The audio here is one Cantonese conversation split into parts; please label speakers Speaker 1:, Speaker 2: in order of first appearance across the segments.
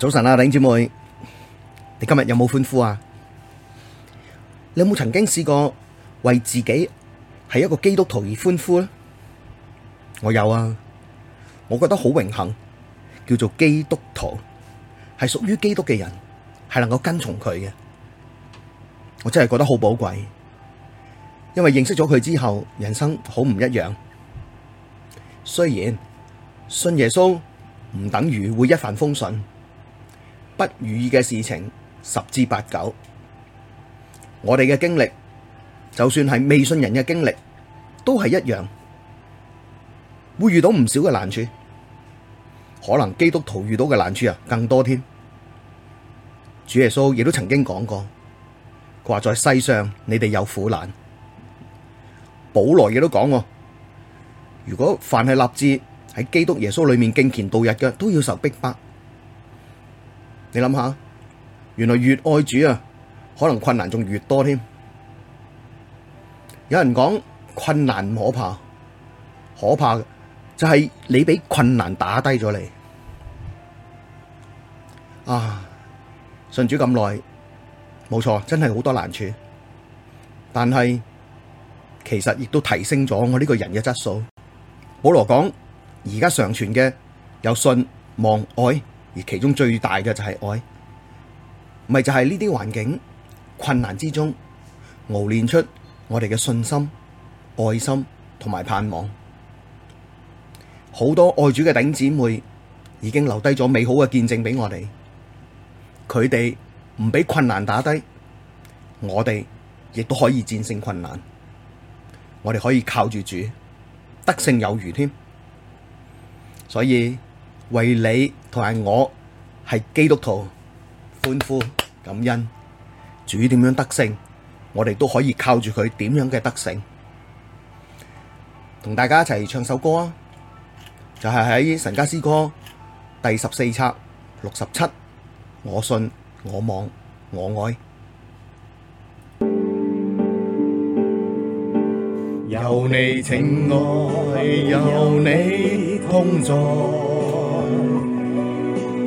Speaker 1: 早晨啦、啊，弟兄姊妹，你今日有冇歡呼啊？你有冇曾經試過為自己係一個基督徒而歡呼咧？我有啊，我覺得好榮幸，叫做基督徒係屬於基督嘅人，係能夠跟從佢嘅。我真係覺得好寶貴，因為認識咗佢之後，人生好唔一樣。雖然信耶穌唔等於會一帆風順。不如意嘅事情十之八九，我哋嘅經歷，就算係未信人嘅經歷，都係一樣，會遇到唔少嘅難處。可能基督徒遇到嘅難處啊，更多添。主耶穌亦都曾經講過，佢話在世上你哋有苦難。保羅亦都講過，如果凡係立志喺基督耶穌裏面敬虔度日嘅，都要受逼迫。你諗下，原來越愛主啊，可能困難仲越多添。有人講，困難唔可怕，可怕嘅就係你俾困難打低咗你。啊，信主咁耐，冇錯，真係好多難處，但係其實亦都提升咗我呢個人嘅質素。保羅講，而家常傳嘅有信望愛。而其中最大嘅就係愛，咪就係呢啲環境困難之中，熬練出我哋嘅信心、愛心同埋盼望。好多愛主嘅頂姊妹已經留低咗美好嘅見證俾我哋，佢哋唔俾困難打低，我哋亦都可以戰勝困難。我哋可以靠住主，得勝有餘添。所以為你。同埋我係基督徒，歡呼感恩，主點樣得勝，我哋都可以靠住佢點樣嘅得勝，同大家一齊唱首歌啊！就係喺《神家詩歌》第十四冊六十七，我信，我望，我愛，有你情愛，
Speaker 2: 有你同在。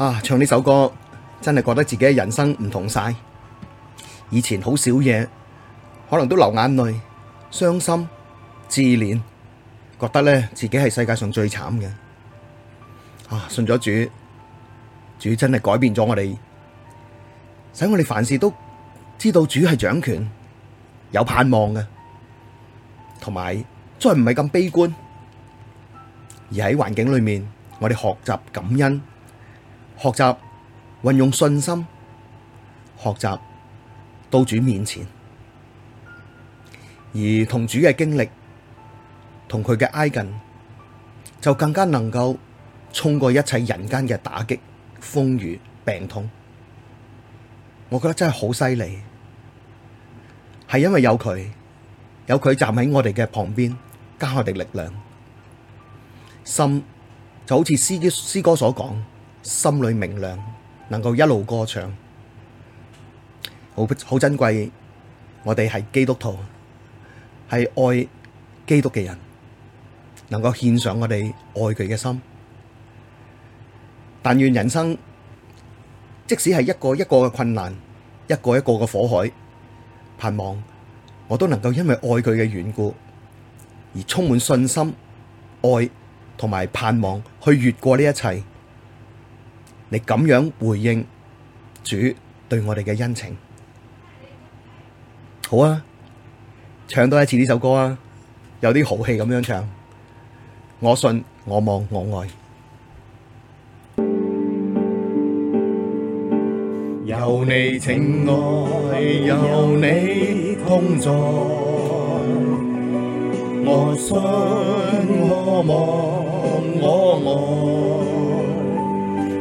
Speaker 1: 啊！唱呢首歌真係覺得自己嘅人生唔同晒，以前好少嘢，可能都流眼淚、傷心、自憐，覺得咧自己係世界上最慘嘅。啊！信咗主，主真係改變咗我哋，使我哋凡事都知道主係掌權，有盼望嘅，同埋再唔係咁悲觀，而喺環境裏面，我哋學習感恩。學習運用信心，學習到主面前，而同主嘅經歷，同佢嘅挨近，就更加能夠衝過一切人間嘅打擊、風雨、病痛。我覺得真係好犀利，係因為有佢，有佢站喺我哋嘅旁邊，加我哋力量。心就好似師姐師哥所講。心裏明亮，能夠一路歌唱，好好珍貴。我哋係基督徒，係愛基督嘅人，能夠獻上我哋愛佢嘅心。但願人生，即使係一個一個嘅困難，一個一個嘅火海，盼望我都能夠因為愛佢嘅緣故，而充滿信心、愛同埋盼望去越過呢一切。你咁樣回應主對我哋嘅恩情，好啊！唱多一次呢首歌啊，有啲豪氣咁樣唱。我信，我望，我愛。
Speaker 2: 有你情愛，有你同在，我信我望我愛。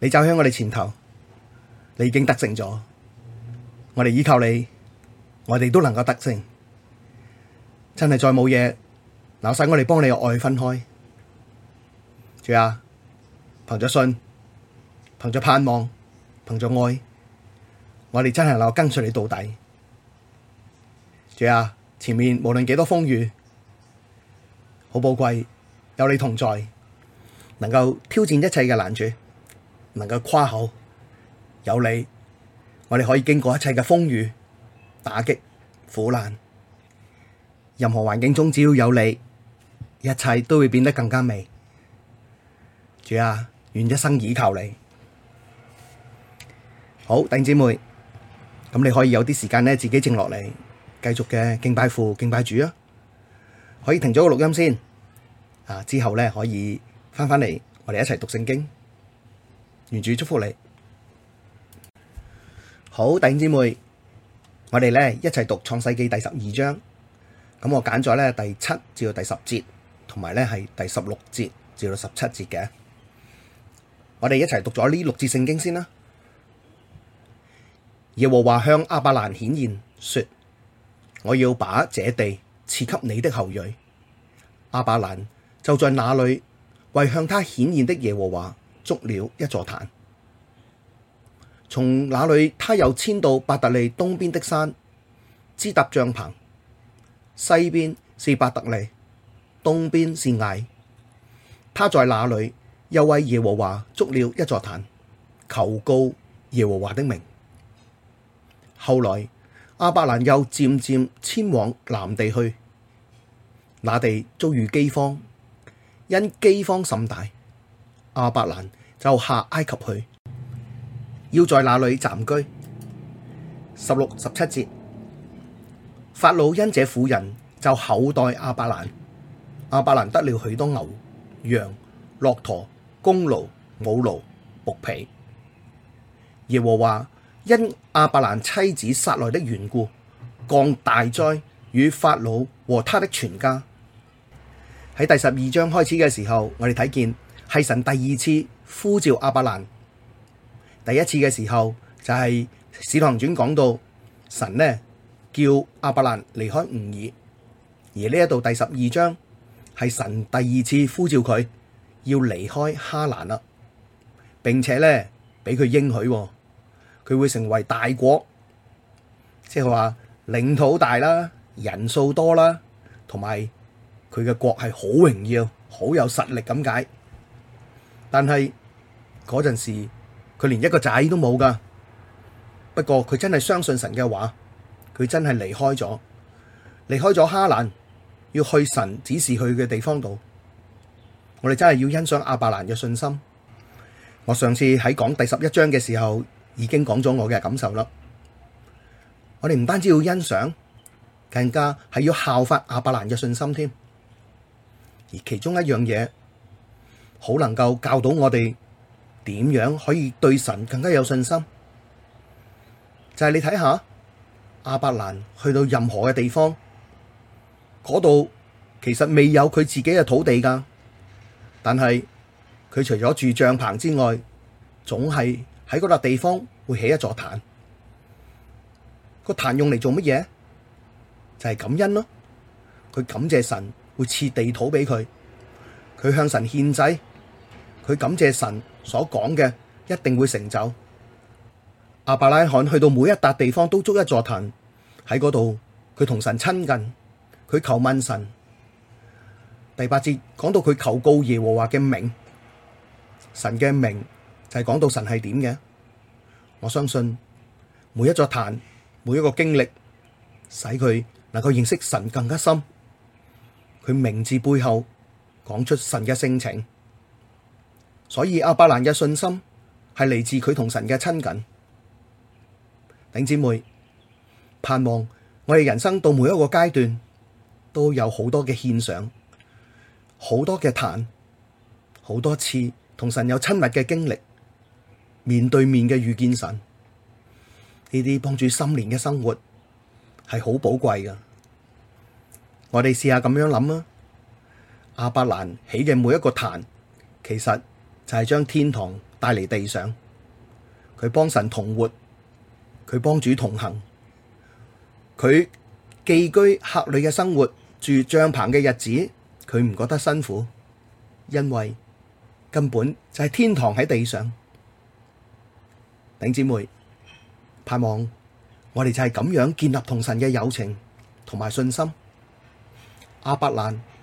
Speaker 1: 你走向我哋前頭，你已經得勝咗。我哋依靠你，我哋都能夠得勝。真係再冇嘢，留晒我哋幫你嘅愛分開。主啊，憑著信，憑著盼望，憑著愛，我哋真係能夠跟隨你到底。主啊，前面無論幾多風雨，好寶貴有你同在，能夠挑戰一切嘅難處。能夠誇口有你，我哋可以經過一切嘅風雨、打擊、苦難，任何環境中只要有你，一切都會變得更加美。主啊，願一生倚靠你。好，弟兄姊妹，咁你可以有啲時間呢，自己靜落嚟，繼續嘅敬拜父、敬拜主啊。可以停咗個錄音先，啊，之後呢可以返返嚟，我哋一齊讀聖經。願主祝福你，好弟兄姊妹，我哋咧一齊讀創世紀第十二章，咁我揀咗咧第七至到第十節，同埋咧係第十六節至到十七節嘅，我哋一齊讀咗呢六節聖經先啦。耶和華向亞伯蘭顯現，說：我要把這地賜給你的後裔。亞伯蘭就在那裡為向他顯現的耶和華。築了一座壇，從那裏他又遷到伯特利東邊的山，支搭帳棚，西邊是伯特利，東邊是艾。他在那裏又為耶和華築了一座壇，求告耶和華的名。後來亞伯蘭又漸漸遷往南地去，那地遭遇饑荒，因饑荒甚大。亞伯蘭就下埃及去，要在那裏暫居。十六、十七節，法老因這婦人就厚待亞伯蘭。亞伯蘭得了許多牛、羊、駱駝、公驢、母驢、僕婢。耶和華因亞伯蘭妻子撒萊的緣故降大災與法老和他的全家。喺第十二章開始嘅時候，我哋睇見係神第二次呼召亞伯蘭，第一次嘅時候就係、是《使徒行傳》講到神呢叫亞伯蘭離開吾爾，而呢一度第十二章係神第二次呼召佢要離開哈蘭啦，並且呢俾佢應許、哦，佢會成為大國，即係話領土大啦，人數多啦，同埋佢嘅國係好榮耀、好有實力咁解。但係嗰陣時，佢連一個仔都冇噶。不過佢真係相信神嘅話，佢真係離開咗，離開咗哈蘭，要去神指示去嘅地方度。我哋真係要欣賞亞伯蘭嘅信心。我上次喺講第十一章嘅時候，已經講咗我嘅感受啦。我哋唔單止要欣賞，更加係要效法亞伯蘭嘅信心添。而其中一樣嘢。好能夠教到我哋點樣可以對神更加有信心，就係你睇下，亞伯蘭去到任何嘅地方，嗰度其實未有佢自己嘅土地噶，但係佢除咗住帳篷之外，總係喺嗰笪地方會起一座壇，個壇用嚟做乜嘢？就係感恩咯，佢感謝神會賜地土俾佢。佢向神獻祭，佢感謝神所講嘅一定會成就。亞伯拉罕去到每一笪地方都築一座壇喺嗰度，佢同神親近，佢求問神。第八節講到佢求告耶和華嘅名，神嘅名就係講到神係點嘅。我相信每一座壇，每一個經歷，使佢能夠認識神更加深。佢名字背後。講出神嘅性情，所以亞伯蘭嘅信心係嚟自佢同神嘅親近。弟兄姊妹，盼望我哋人生到每一個階段都有好多嘅獻上，好多嘅壇，好多次同神有親密嘅經歷，面對面嘅遇見神，呢啲幫助心連嘅生活係好寶貴噶。我哋試下咁樣諗啊！亞伯蘭起嘅每一個壇，其實就係將天堂帶嚟地上。佢幫神同活，佢幫主同行，佢寄居客旅嘅生活，住帳篷嘅日子，佢唔覺得辛苦，因為根本就係天堂喺地上。頂姊妹，盼望我哋就係咁樣建立同神嘅友情同埋信心。亞伯蘭，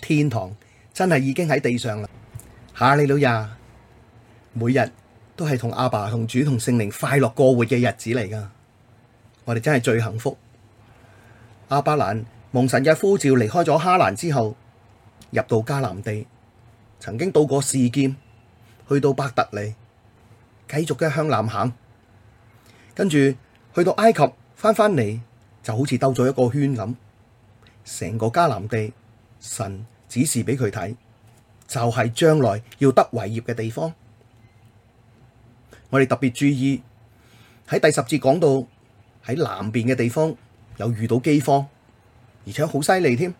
Speaker 1: 天堂真係已經喺地上啦！下你老爺，每日都係同阿爸、同主、同聖靈快樂過活嘅日子嚟㗎。我哋真係最幸福。亞伯蘭蒙神嘅呼召離開咗哈蘭之後，入到迦南地，曾經到過示劍，去到伯特利，繼續嘅向南行，跟住去到埃及，翻返嚟就好似兜咗一個圈咁，成個迦南地。神指示俾佢睇，就係將來要得為業嘅地方。我哋特別注意，喺第十節講到，喺南邊嘅地方，有遇到饑荒，而且好犀利添，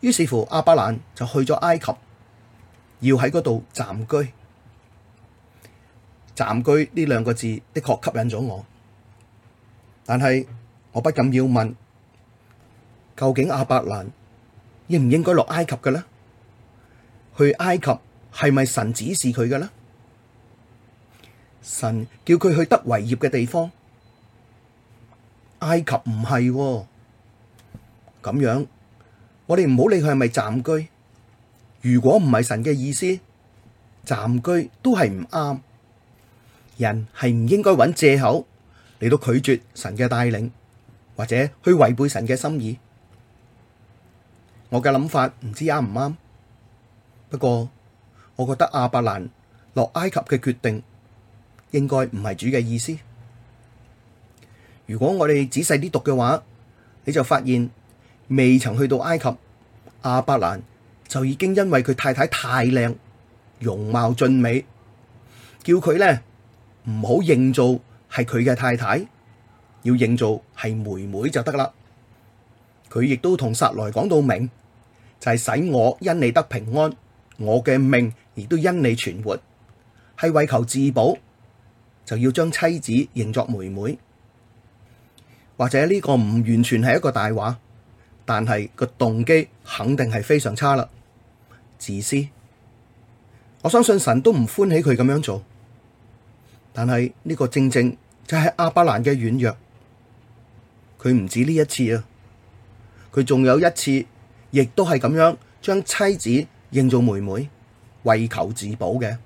Speaker 1: 於是乎亞伯蘭就去咗埃及，要喺嗰度暫居。暫居呢兩個字，的確吸引咗我。但係，我不禁要問，究竟亞伯蘭，應唔應該落埃及嘅呢？去埃及係咪神指示佢嘅呢？神叫佢去得為業嘅地方，埃及唔係咁樣。我哋唔好理佢係咪暫居。如果唔係神嘅意思，暫居都係唔啱。人係唔應該揾借口嚟到拒絕神嘅帶領，或者去違背神嘅心意。我嘅諗法唔知啱唔啱，不過我覺得亞伯蘭落埃及嘅決定應該唔係主嘅意思。如果我哋仔細啲讀嘅話，你就發現未曾去到埃及，亞伯蘭就已經因為佢太太太靚，容貌俊美，叫佢呢唔好認做係佢嘅太太，要認做係妹妹就得啦。佢亦都同撒來講到明，就係、是、使我因你得平安，我嘅命亦都因你存活，係為求自保就要將妻子認作妹妹，或者呢個唔完全係一個大話，但係個動機肯定係非常差啦，自私。我相信神都唔歡喜佢咁樣做，但係呢個正正就係亞伯蘭嘅軟弱，佢唔止呢一次啊。佢仲有一次，亦都係咁樣將妻子認做妹妹，為求自保嘅。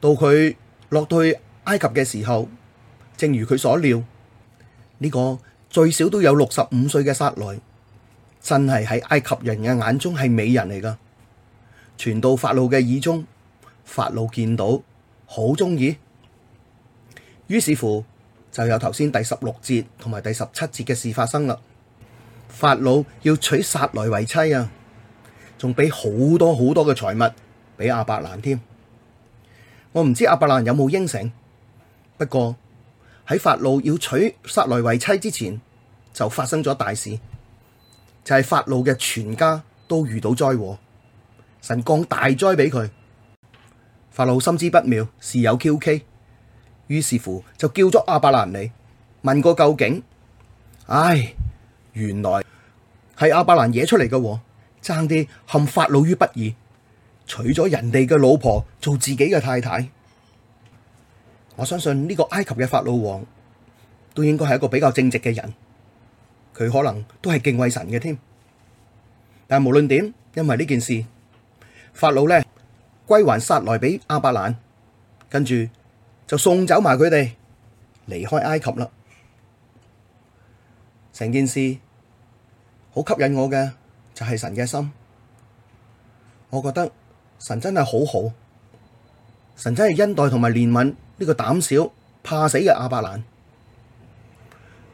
Speaker 1: 到佢落到埃及嘅時候，正如佢所料，呢個最少都有六十五歲嘅撒女，真係喺埃及人嘅眼中係美人嚟噶。傳到法老嘅耳中，法老見到好中意，於是乎就有頭先第十六節同埋第十七節嘅事發生啦。法老要娶撒萊為妻啊，仲俾好多好多嘅財物俾亞伯蘭添。我唔知亞伯蘭有冇應承。不過喺法老要娶撒萊為妻之前，就發生咗大事，就係、是、法老嘅全家都遇到災禍，神降大災俾佢。法老心知不妙，事有蹊蹺，於是乎就叫咗亞伯蘭嚟問個究竟。唉。原來係亞伯蘭惹出嚟嘅，爭啲陷法老於不義，娶咗人哋嘅老婆做自己嘅太太。我相信呢個埃及嘅法老王都應該係一個比較正直嘅人，佢可能都係敬畏神嘅添。但係無論點，因為呢件事，法老呢歸還撒萊俾亞伯蘭，跟住就送走埋佢哋離開埃及啦。成件事，好吸引我嘅就係、是、神嘅心，我覺得神真係好好，神真係恩待同埋憐憫呢個膽小怕死嘅亞伯蘭。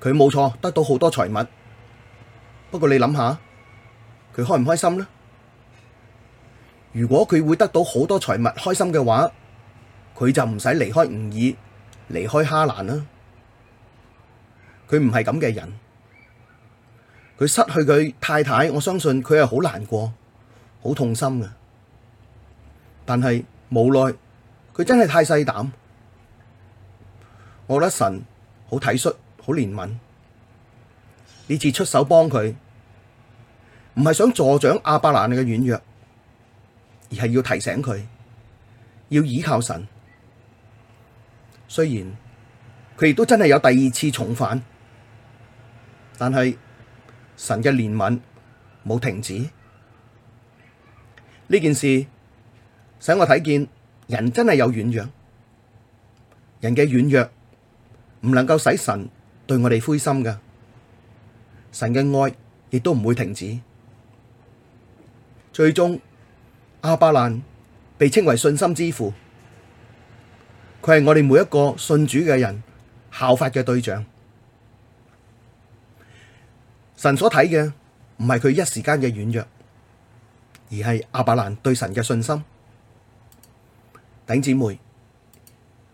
Speaker 1: 佢冇錯得到好多財物，不過你諗下佢開唔開心呢？如果佢會得到好多財物開心嘅話，佢就唔使離開吾爾，離開哈蘭啦，佢唔係咁嘅人。佢失去佢太太，我相信佢係好難過、好痛心嘅。但係無奈，佢真係太細膽。我覺得神好體恤、好憐憫。呢次出手幫佢，唔係想助長亞伯蘭嘅軟弱，而係要提醒佢要倚靠神。雖然佢亦都真係有第二次重犯，但係。神嘅憐憫冇停止，呢件事使我睇見人真係有軟弱，人嘅軟弱唔能夠使神對我哋灰心噶，神嘅愛亦都唔會停止。最終，亞伯蘭被稱為信心之父，佢係我哋每一個信主嘅人效法嘅對象。神所睇嘅唔係佢一時間嘅軟弱，而係亞伯蘭對神嘅信心。頂姐妹，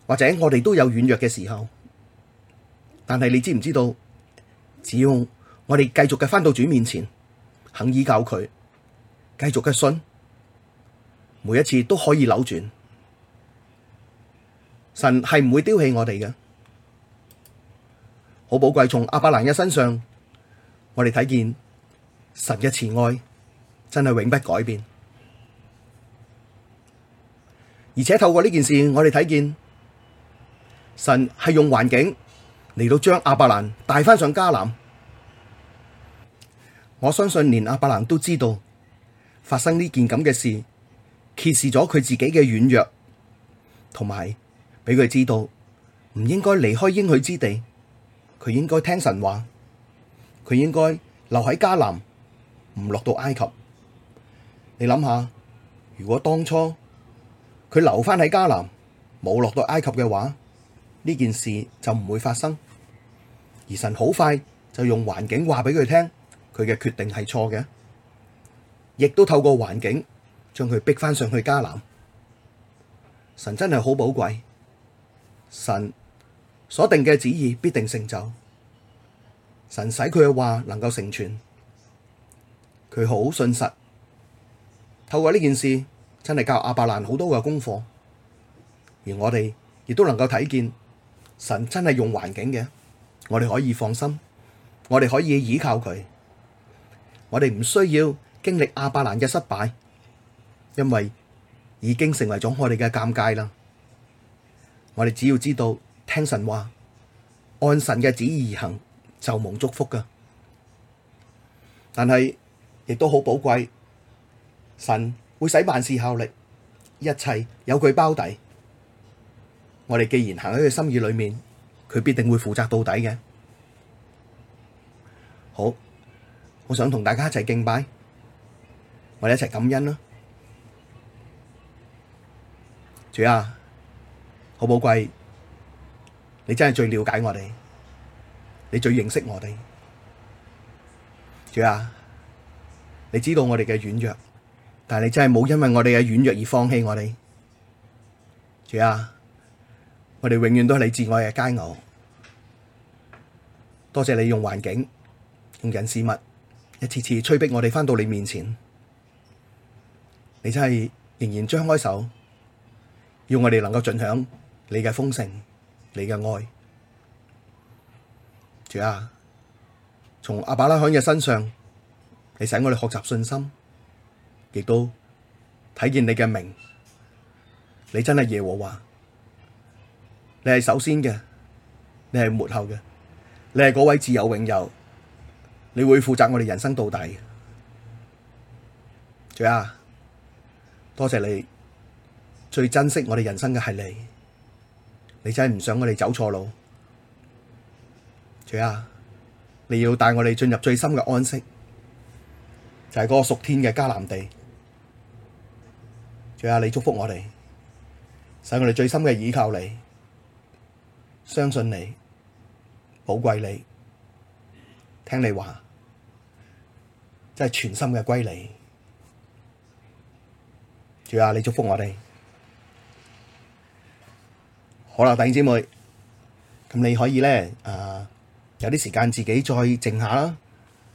Speaker 1: 或者我哋都有軟弱嘅時候，但係你知唔知道？只要我哋繼續嘅返到主面前，肯依靠佢，繼續嘅信，每一次都可以扭轉。神係唔會丟棄我哋嘅，好寶貴。從亞伯蘭嘅身上。我哋睇見神嘅慈愛真係永不改變，而且透過呢件事，我哋睇見神係用環境嚟到將阿伯蘭帶返上迦南。我相信連阿伯蘭都知道發生呢件咁嘅事，揭示咗佢自己嘅軟弱，同埋俾佢知道唔應該離開應許之地，佢應該聽神話。佢應該留喺迦南，唔落到埃及。你諗下，如果當初佢留翻喺迦南，冇落到埃及嘅話，呢件事就唔會發生。而神好快就用環境話俾佢聽，佢嘅決定係錯嘅，亦都透過環境將佢逼翻上去迦南。神真係好寶貴，神所定嘅旨意必定成就。神使佢嘅話能夠成全，佢好信實。透過呢件事，真係教亞伯蘭好多嘅功課，而我哋亦都能夠睇見神真係用環境嘅，我哋可以放心，我哋可以依靠佢，我哋唔需要經歷亞伯蘭嘅失敗，因為已經成為咗我哋嘅尷尬啦。我哋只要知道聽神話，按神嘅旨意而行。就蒙祝福㗎，但係亦都好寶貴。神會使萬事效力，一切有佢包底。我哋既然行喺佢心意裏面，佢必定會負責到底嘅。好，我想同大家一齊敬拜，我哋一齊感恩啦。主啊，好寶貴，你真係最了解我哋。你最認識我哋，主啊，你知道我哋嘅軟弱，但係你真係冇因為我哋嘅軟弱而放棄我哋，主啊，我哋永遠都係你至愛嘅佳偶，多謝你用環境、用人事物，一次次催逼我哋返到你面前，你真係仍然張開手，要我哋能夠盡享你嘅豐盛、你嘅愛。主啊！從亞伯拉罕嘅身上，你使我哋學習信心，亦都睇見你嘅名。你真係耶和華，你係首先嘅，你係末後嘅，你係嗰位自有永有，你會負責我哋人生到底。主啊，多謝你，最珍惜我哋人生嘅係你，你真係唔想我哋走錯路。主啊，你要帶我哋進入最深嘅安息，就係、是、嗰個屬天嘅迦南地。主啊，你祝福我哋，使我哋最深嘅依靠你，相信你，寶貴你，聽你話，真係全心嘅歸你。主啊，你祝福我哋。好啦，弟兄姊妹，咁你可以咧，誒、呃。有啲時間自己再靜下啦，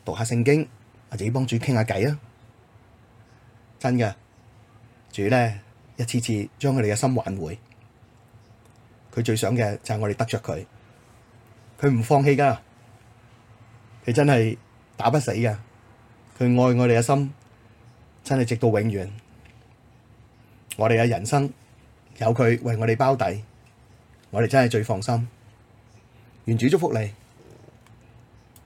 Speaker 1: 讀下聖經，或者幫主傾下偈啦。真嘅，主呢，一次次將佢哋嘅心挽回，佢最想嘅就係我哋得着佢，佢唔放棄噶，佢真係打不死噶，佢愛我哋嘅心真係直到永遠。我哋嘅人生有佢為我哋包底，我哋真係最放心。願主祝福你。